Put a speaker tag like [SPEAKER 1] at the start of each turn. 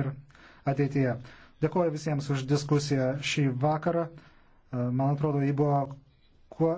[SPEAKER 1] ir ateityje. Dėkuoju visiems už diskusiją šį vakarą. E, man atrodo, ji buvo kuo